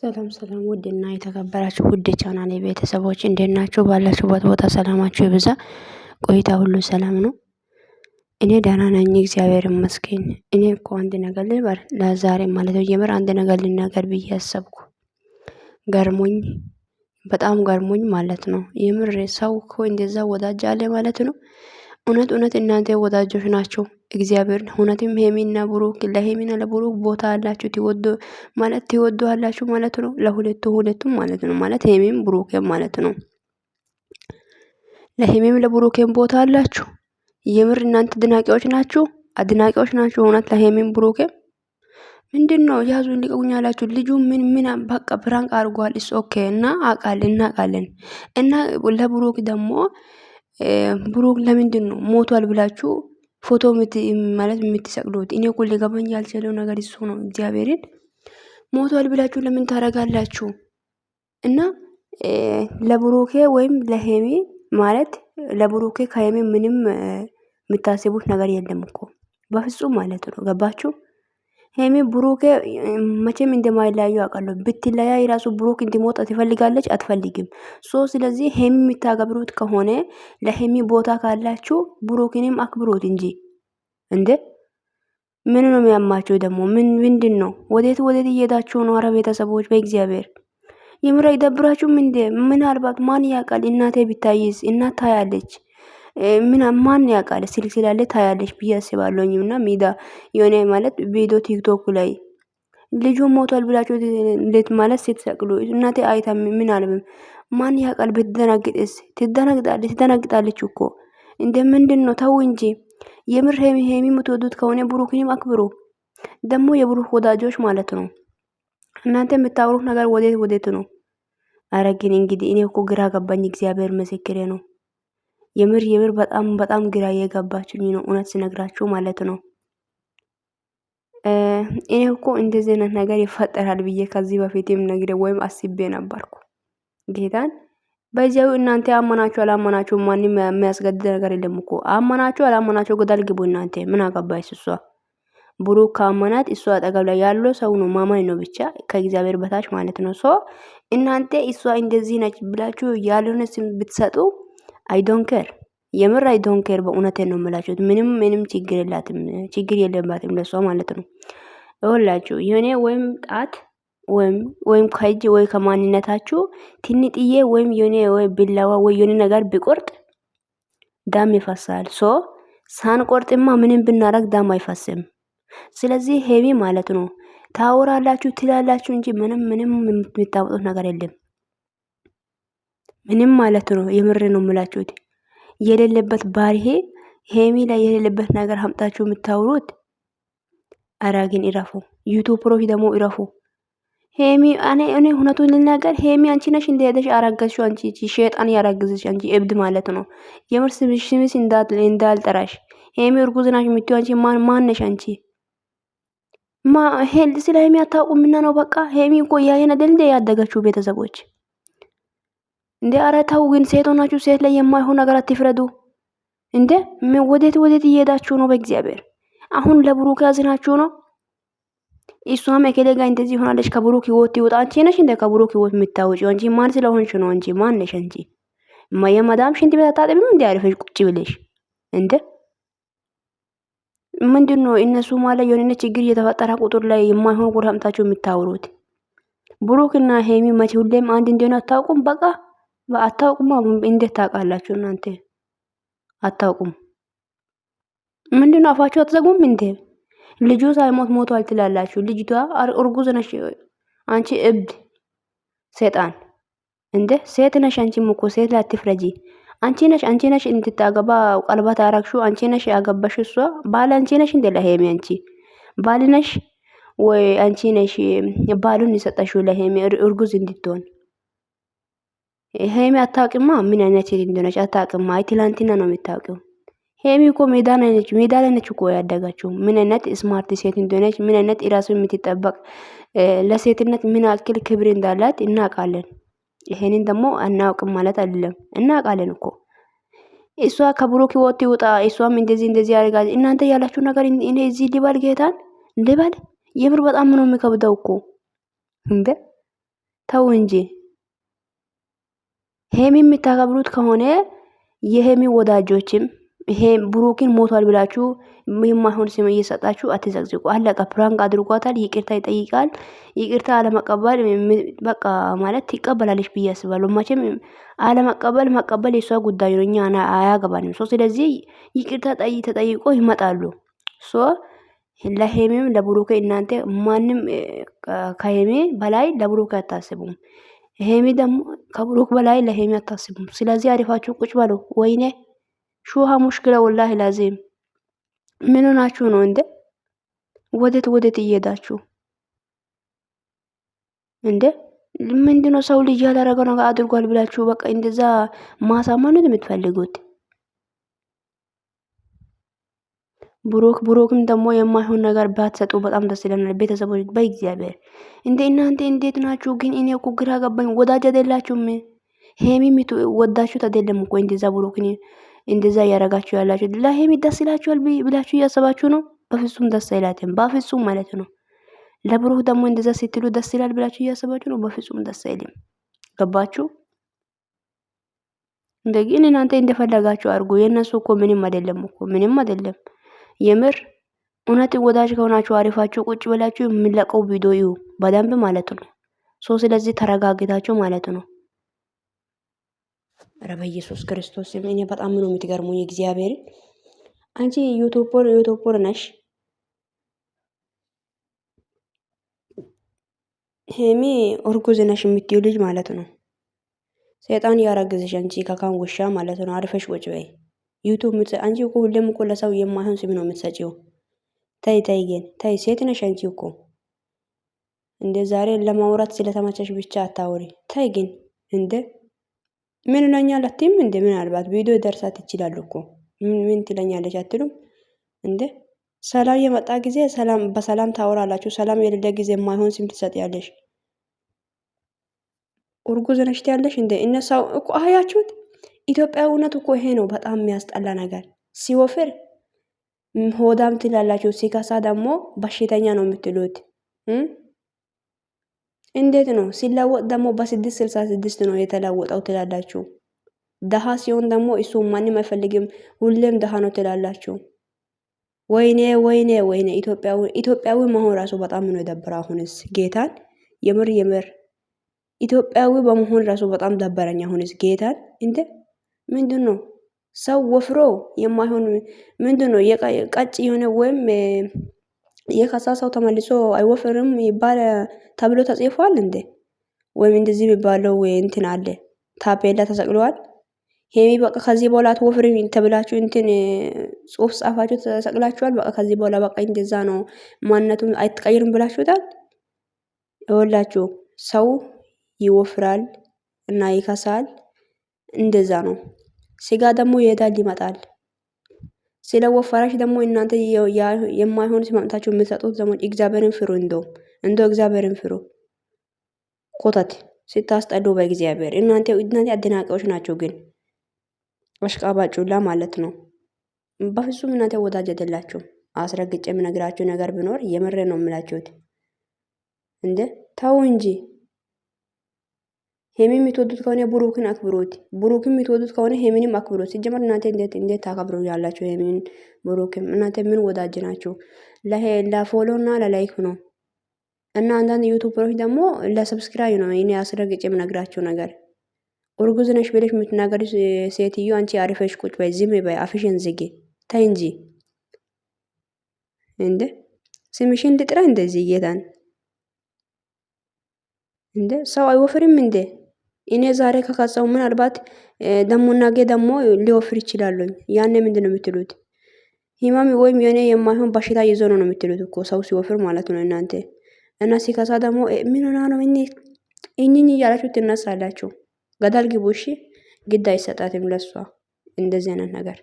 ሰላም ሰላም ውድና የተከበራችሁ ውድ ቻናል የቤተሰቦች እንዴት ናችሁ? ባላችሁበት ቦታ ሰላማችሁ ይብዛ። ቆይታ ሁሉ ሰላም ነው። እኔ ደህና ነኝ፣ እግዚአብሔር ይመስገን። እኔ እኮ አንድ ነገር ልበር ለዛሬ ማለት ነው የምር አንድ ነገር ልናገር ብዬ ያሰብኩ ገርሞኝ፣ በጣም ገርሞኝ ማለት ነው የምር ሰው እኮ እንደዛ ወዳጅ አለ ማለት ነው። እውነት እውነት እናንተ ወዳጆች ናቸው እግዚአብሔር እውነትም ሄሚና ብሩክ ለሄሚና ለብሩክ ቦታ አላችሁ ትወዱ ማለት ትወዱ አላችሁ ማለት ነው። ለሁለቱ ሁለቱም ማለት ነው ማለት ሄሚም ብሩክም ማለት ነው። ለሄሚም ለብሩክም ቦታ አላችሁ። የምር እናንተ አድናቂዎች ናችሁ፣ አድናቂዎች ናችሁ እውነት ለሄሚም ብሩክም ምንድን ነው ያዙ ሊቀቁኝ ልጁ ምን ምን በቃ ፕራንክ አድርጓል። እስ ኦኬ እና አቃልን እናቃለን እና ለብሩክ ደግሞ ብሩክ ለምንድን ነው ሞቷል ብላችሁ ፎቶ ማለት የምትሰቅሉት። እኔ እኮ ሊገባኝ ያልቻለው ነገር እሱ ነው። እግዚአብሔርን ሞቷል ብላችሁ ለምን ታረጋላችሁ? እና ለብሩኬ ወይም ለሄሜ ማለት ለብሩኬ ከሄሜ ምንም የምታስቡት ነገር የለም እኮ በፍጹም ማለት ነው። ገባችሁ? ሄሚ ብሩኬ መቼም እንደማይለያዩ አውቃለሁ። ብትለያይ ራሱ ብሩክ እንዲሞት ትፈልጋለች አትፈልግም። ሶ ስለዚህ ሄሚ የምታገብሩት ከሆነ ለሄሚ ቦታ ካላችሁ ብሩክንም አክብሩት እንጂ እንዴ ምን ነው የሚያማችሁ ደግሞ? ምን ምንድን ነው? ወዴት ወዴት እየሄዳችሁ ነው? አረ ቤተሰቦች በእግዚአብሔር የምራ ይደብራችሁ። ምንድ ምናልባት ማን ያውቃል? እናቴ ቢታይስ እናት ታያለች። ምን ማን ያውቃል ስልክ ስላለ ታያለሽ ብዬ አስባለሁኝ። እና ሜዳ የሆነ ማለት ቪዲዮ ቲክቶክ ላይ ልጁ ሞቷል ብላችሁ እንዴት ማለት ሴት እናቴ አይታ ምን አልብም ማን ያውቃል ብትደናግጥስ? ትደናግጣለች ትደናግጣለች እኮ እንደ ምንድን ነው ተው እንጂ። የምር ሄሚ ሄሚ የምትወዱት ከሆነ ብሩክንም አክብሩ። ደግሞ የብሩክ ወዳጆች ማለት ነው። እናንተ የምታወሩት ነገር ወዴት ወዴት ነው? አረግን እንግዲህ እኔ እኮ ግራ ገባኝ። እግዚአብሔር ምስክሬ ነው። የምር የምር በጣም በጣም ግራ የገባችኝ ነው እውነት ስነግራችሁ ማለት ነው። እኔ እኮ እንደዚህ አይነት ነገር ይፈጠራል ብዬ ከዚህ በፊት የምነግደ ወይም አስቤ ነበርኩ። ጌታን በዚያው እናንተ አመናችሁ አላመናችሁ ማንም የሚያስገድድ ነገር የለም እኮ አመናችሁ አላመናችሁ ጎዳል ግቡ እናንተ ምን አገባች እሷ። ብሩክ ከአማናት እሷ አጠገብ ላይ ያለው ሰው ነው ማማኝ ነው ብቻ ከእግዚአብሔር በታች ማለት ነው። ሶ እናንተ እሷ እንደዚህ ነች ብላችሁ ያልሆነ ስም ብትሰጡ አይዶንኬር የምር አይዶንኬር በእውነት ነው የምላችሁት። ምንም ምንም ችግር የላትም፣ ችግር የለባትም ለሷ ማለት ነው። ይኸውላችሁ የሆነ ወይም ጣት ወይም ወይም ከእጅ ወይ ከማንነታችሁ ትንጥዬ ወይም የሆነ ወይ ቢላዋ ወይ የሆነ ነገር ቢቆርጥ ዳም ይፈሳል። ሶ ሳንቆርጥማ ምንም ብናረግ ዳም አይፈስም። ስለዚህ ሄሚ ማለት ነው ታወራላችሁ፣ ትላላችሁ እንጂ ምንም ምንም የምታወጡት ነገር የለም። ምንም ማለት ነው። የምር ነው ምላችሁት የሌለበት ባርሄ ሄሚ ላይ የሌለበት ነገር ሀምጣችሁ የምታውሩት አራግን ይረፉ። ዩቱብ ፕሮፊ ደግሞ ይረፉ። ሄሚ እኔ እኔ ሁነቱን ልናገር፣ ሄሚ አንቺ ነሽ እንደሄደሽ አራገዝሽ። አንቺ ሸጣን ያራገዝሽ አንቺ እብድ ማለት ነው። የምር ስምሽ እንዳልጠራሽ ሄሚ እርጉዝ ናሽ የምትይው አንቺ ማን ማን ነሽ አንቺ? ማ ሄል ስለ ሄሚ አታውቁምና ነው በቃ። ሄሚ እኮ ያየን አይደል እንደ ያደገችው ቤተሰቦች እንዴ ኧረ ተው ግን ሴት ሆናችሁ ሴት ላይ የማይሆን ነገር አትፍረዱ። እንዴ ወዴት ወዴት እየሄዳችሁ ነው? በእግዚአብሔር አሁን ለብሩክ ያዝናችሁ ነው። እሷም ኤኬሌ ጋር እንደዚህ ይሆናለች። ከብሩክ ህይወት ይወጣ። አንቺ ነሽ እንደ ከብሩክ ህይወት የምታወጪ አንቺ ማን ስለሆንሽ ነው? አንቺ ማን ነሽ? አንቺ የማዳም ሽንት ቤት አታጥቢም? እንዲ አሪፈሽ ቁጭ ብለሽ እንደ ምንድን ነው እነሱ ማለት የሆነ ችግር እየተፈጠረ ቁጥር ላይ የማይሆን ጎራምታቸው የምታወሩት ብሩክና ሄሚ መቼ ሁሌም አንድ እንዲሆን አታውቁም። በቃ አታውቁማ። እንዴት ታውቃላችሁ እናንተ? አታውቁም? ምንድን ነው አፋችሁ አትዘጉም እንዴ? ልጁ ሳይሞት ሞቷል ትላላችሁ። ልጅቷ እርጉዝ ነሽ አንቺ እብድ ሴጣን እንዴ! ሴት ነሽ አንቺ እኮ ሴት ላትፍረጂ አንቺ ነሽ አንቺ ነሽ እንድታገባ ቀለበት አረግሹ አንቺ ነሽ ያገባሽ እሷ ባል አንቺ ነሽ እንዴ? ለሄሚ አንቺ ባል ነሽ ወይ አንቺ ነሽ ባሉን የሰጠሽው ለሄሚ እርጉዝ እንድትሆን ሄሚ አታውቅማ፣ ምን አይነት ሴት እንደሆነች አታውቅማ። ትላንትና ነው የምታውቀው። ሄሚ እኮ ሜዳ ላይ ነች፣ ሜዳ ላይ ነች እኮ ያደገችው። ምን አይነት ስማርት ሴት እንደሆነች፣ ምን አይነት ራሱ የምትጠበቅ ለሴትነት ምን አክል ክብር እንዳላት እናውቃለን። ይሄንን ደግሞ አናውቅም ማለት አይደለም፣ እናውቃለን እኮ እሷ ከብሩክ ይወጣ እሷ እሷም እንደዚህ እንደዚህ ያደርጋ። እናንተ ያላችሁ ነገር እኔ እዚህ ሊባል ጌታን ሊባል የምር በጣም ነው የሚከብደው እኮ እንዴ፣ ተው እንጂ ሄሚ የምታከብሩት ከሆነ የሄሚ ወዳጆችም ይሄ ብሩክን ሞቷል ብላችሁ የማይሆን ስም እየሰጣችሁ አትዘግዝቁ። አለቀ። ፕራንክ አድርጓታል፣ ይቅርታ ይጠይቃል። ይቅርታ አለመቀበል በቃ ማለት ትቀበላለች ብዬ አስባለሁ። መቼም አለመቀበል መቀበል የሷ ጉዳይ ነው፣ እኛ አያገባንም። ስለዚህ ይቅርታ ተጠይቆ ይመጣሉ። ሶ ለሄሚም ለብሩኬ እናንተ ማንም ከሄሚ በላይ ለብሩኬ አታስቡም። ሄሚ ደግሞ ከብሩክ በላይ ለሄሚ አታስቡም። ስለዚህ አሪፋችሁ ቁጭ በሉ። ወይኔ ሹሃ ሙሽክለ ወላሂ ላዚም ምን ሆናችሁ ነው እንዴ? ወዴት ወዴት እየሄዳችሁ እንዴ? ምንድነው ሰው ልጅ ያላረገው ነገር አድርጓል ብላችሁ በቃ እንደዛ ማሳመኑን የምትፈልጉት? ብሩክ ብሩክም ደግሞ የማይሆን ነገር ባትሰጡ በጣም ደስ ይለናል። ቤተሰቦች በእግዚአብሔር እንደ እናንተ እንዴት ናችሁ? ግን እኔ እኮ ግራ ገባኝ። ወዳጅ አይደላችሁም? ሄሚ ሚቱ ወዳችሁ አይደለም እኮ እንደዛ ብሩክን እንደዛ እያረጋችሁ ያላችሁ ለሄሚ ደስ ይላችኋል ብላችሁ እያሰባችሁ ነው። በፍጹም ደስ አይላትም፣ በፍጹም ማለት ነው። ለብሩክ ደግሞ እንደዛ ስትሉ ደስ ይላል ብላችሁ እያሰባችሁ ነው። በፍጹም ደስ አይልም። ገባችሁ? እንደ እናንተ እንደፈለጋችሁ አድርጉ። የእነሱ እኮ ምንም አይደለም እኮ ምንም አይደለም። የምር እውነት ወዳጅ ከሆናችሁ አሪፋችሁ ቁጭ ብላችሁ የሚለቀው ቪዲዮ ይሁ በደንብ ማለት ነው። ሶ ስለዚህ ተረጋግታችሁ ማለት ነው። ረበ ኢየሱስ ክርስቶስ እኔ በጣም ነው የምትገርሙኝ። እግዚአብሔር አንቺ ዩቱፖር ዩቱፖር ነሽ ሄሚ እርጉዝ ነሽ የምትዩ ልጅ ማለት ነው። ሰይጣን ያረግዝሽ አንቺ ከካን ውሻ ማለት ነው። አርፈሽ ቁጭ በይ። ዩቱብ አንቺ እኮ ሁሌም እኮ ለሰው የማይሆን ስም ነው የምትሰጪው። ተይ ተይ ግን ተይ፣ ሴት ነሽ አንቺ እኮ እንደ ዛሬ ለማውራት ስለተመቸሽ ብቻ አታውሪ። ተይ ግን እንደ ምን ነኛ አትይም እንደ ምናልባት ቪዲዮ ደርሳት ይችላል እኮ ምን ትለኛለች አትሉም እንደ ሰላም የመጣ ጊዜ ሰላም በሰላም ታወራላችሁ። ሰላም የሌለ ጊዜ የማይሆን ስም ትሰጥያለሽ። እርጉዝ ነሽ ትያለሽ እንደ እነሳው እኮ አያችሁት። ኢትዮጵያ እኮ ይሄ ነው። በጣም የሚያስጠላ ነገር ሲወፍር ሆዳም ትላላችሁ፣ ሲከሳ ደግሞ በሽተኛ ነው የምትሉት። እንዴት ነው ሲለወጥ ደግሞ በስድስት ስልሳ ስድስት ነው የተለወጠው ትላላችሁ። ደሃ ሲሆን ደግሞ እሱ ማንም አይፈልግም፣ ሁሌም ደሃ ነው ትላላችሁ። ወይኔ ወይኔ ወይኔ! ኢትዮጵያዊ ኢትዮጵያዊ መሆን ራሱ በጣም ነው የደበረ። አሁንስ ጌታን የምር የምር ኢትዮጵያዊ በመሆን ራሱ በጣም ደበረኝ። አሁንስ ጌታን እንዴ ምንድነው? ሰው ወፍሮ የማይሆን ምንድነው? ቀጭ የሆነ ወይም የከሳ ሰው ተመልሶ አይወፍርም ይባል ተብሎ ተጽፏል እንዴ? ወይም እንደዚህ የሚባለው እንትን አለ ታፔላ ተሰቅለዋል። ሄሚ በቃ ከዚህ በኋላ አትወፍሪ ተብላችሁ እንትን ጽሁፍ ጻፋችሁ ተሰቅላችኋል። በቃ ከዚህ በኋላ በቃ እንደዛ ነው ማንነቱን አይትቀይርም ብላችሁታል። እወላችሁ ሰው ይወፍራል እና ይከሳል። እንደዛ ነው። ስጋ ደግሞ ይሄዳል ይመጣል። ስለ ወፈራሽ ደግሞ እናንተ የማይሆን ሲማምታችሁ የምትሰጡት ደግሞ እግዚአብሔርን ፍሩ። እንደው እንደው እግዚአብሔርን ፍሩ። ኮተት ስታስጠሉ በእግዚአብሔር እናንተ እናንተ አደናቂዎች ናቸው፣ ግን አሽቃባጩላ ማለት ነው። በፍጹም እናንተ ወዳጅ አይደላችሁም። አስረግጬ የምነግራችሁ ነገር ቢኖር የምሬ ነው የምላችሁት። እንደ ተው እንጂ ሄሚ የምትወዱት ከሆነ ብሩክን አክብሩት። ብሩክ የምትወዱት ከሆነ ሄሚንም አክብሩት። ሲጀመር እናንተ እንዴት እንዴት ታከብሩ ያላችሁ ሄሚን ብሩክም እናንተ ምን ወዳጅ ናችሁ? ለፎሎ እና ለላይክ ነው እና አንዳንድ ዩቱበሮች ደግሞ ለሰብስክራይብ ነው። ይኔ አስረግጬ የምነግራችሁ ነገር እርጉዝ ነሽ ብለሽ የምትናገሪ ሴትዮ አንቺ አሪፈሽ ቁጭ በይ፣ ዝም በይ፣ አፍሽን ዝጊ። ተይ እንጂ እንደ ስምሽን ልጥራ እንደዚህ እየታን እንደ ሰው አይወፍርም እንዴ? እኔ ዛሬ ከካሳው ምናልባት ደግሞ ነገ ደግሞ ሊወፍር ይችላለኝ። ያኔ ምንድን ነው የምትሉት? ህመም ወይም የሆነ የማይሆን በሽታ ይዞ ነው የምትሉት እኮ ሰው ሲወፍር ማለት ነው እናንተ። እና ሲከሳ ደግሞ ምን ሆና ነው እኝኝ እያላችሁ ትነሳላችሁ። ገደል ግቡ። እሺ ግድ አይሰጣትም ለሷ እንደዚህ አይነት ነገር